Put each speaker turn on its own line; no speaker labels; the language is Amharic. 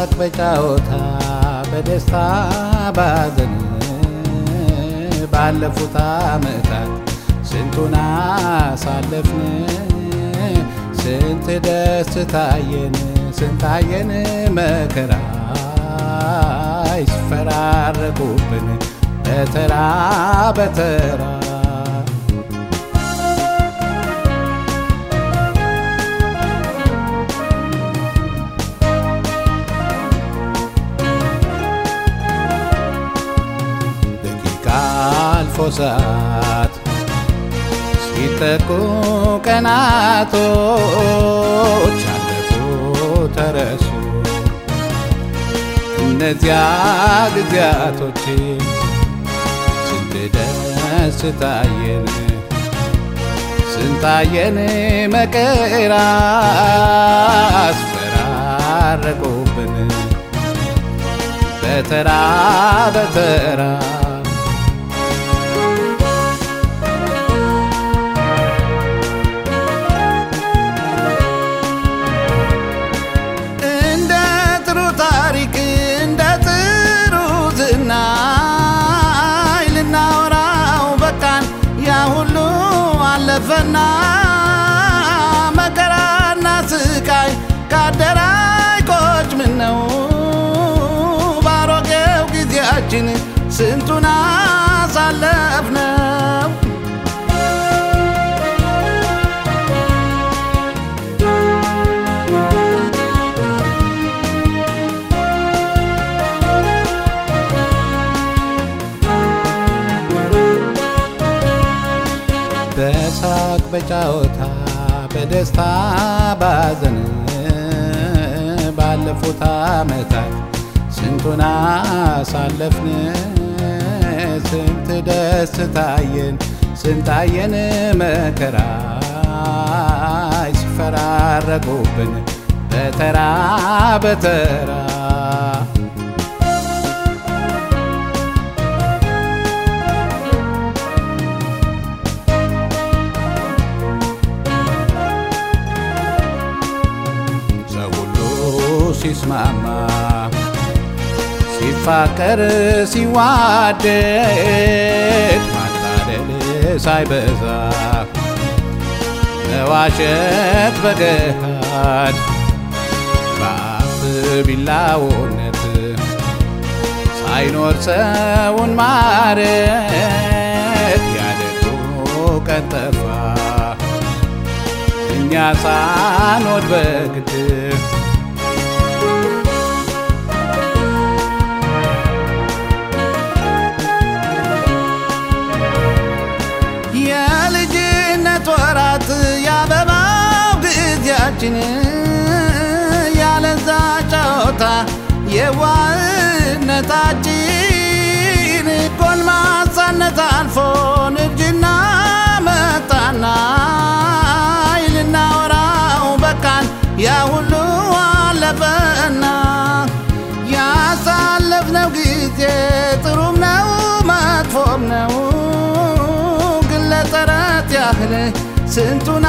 በሳቅ በጫወታ በደስታ ባዘን ባለፉት ዓመታት ስንቱን አሳለፍን ስንት ደስ ስንታየን መከራ ይስፈራረቁብን በተራ በተራ መነኮሳት ሲጠቁ ቀናቶች አለፉ ተረሱ። እነዚያ ጊዜያቶች ስንት ደስታየን ስንታየን መከራ አስፈራረቁብን በተራ በተራ
ፈና መከራና ስቃይ ከአደራይቆች ምን ነው ባሮጌው ጊዜያችን ስንቱና
በጫወታ በደስታ ባዘን ባለፉት ዓመታት ስንቱን አሳለፍን ስንት ደስታየን ስንታየን መከራ ይስፈራረቁብን በተራ በተራ ሲስማማ ሲፋቀር ሲዋደድ ማታደል ሳይበዛ መዋሸት በገሃድ በአፍ ቢላውነት ሳይኖር ሰውን ማረት ያደጎ ቀንጠፋ እኛ ሳኖድ በግድ
ሀገራችን ያለዛ ጨዋታ የዋህነታችን ጎልማሳነት አልፎ ንጅና መጣና ይልናወራው በቃን ያ ሁሉ አለፈና ያሳለፍነው ጊዜ ጥሩም ነው መጥፎም ነው ግለጠረት ያህል ስንቱና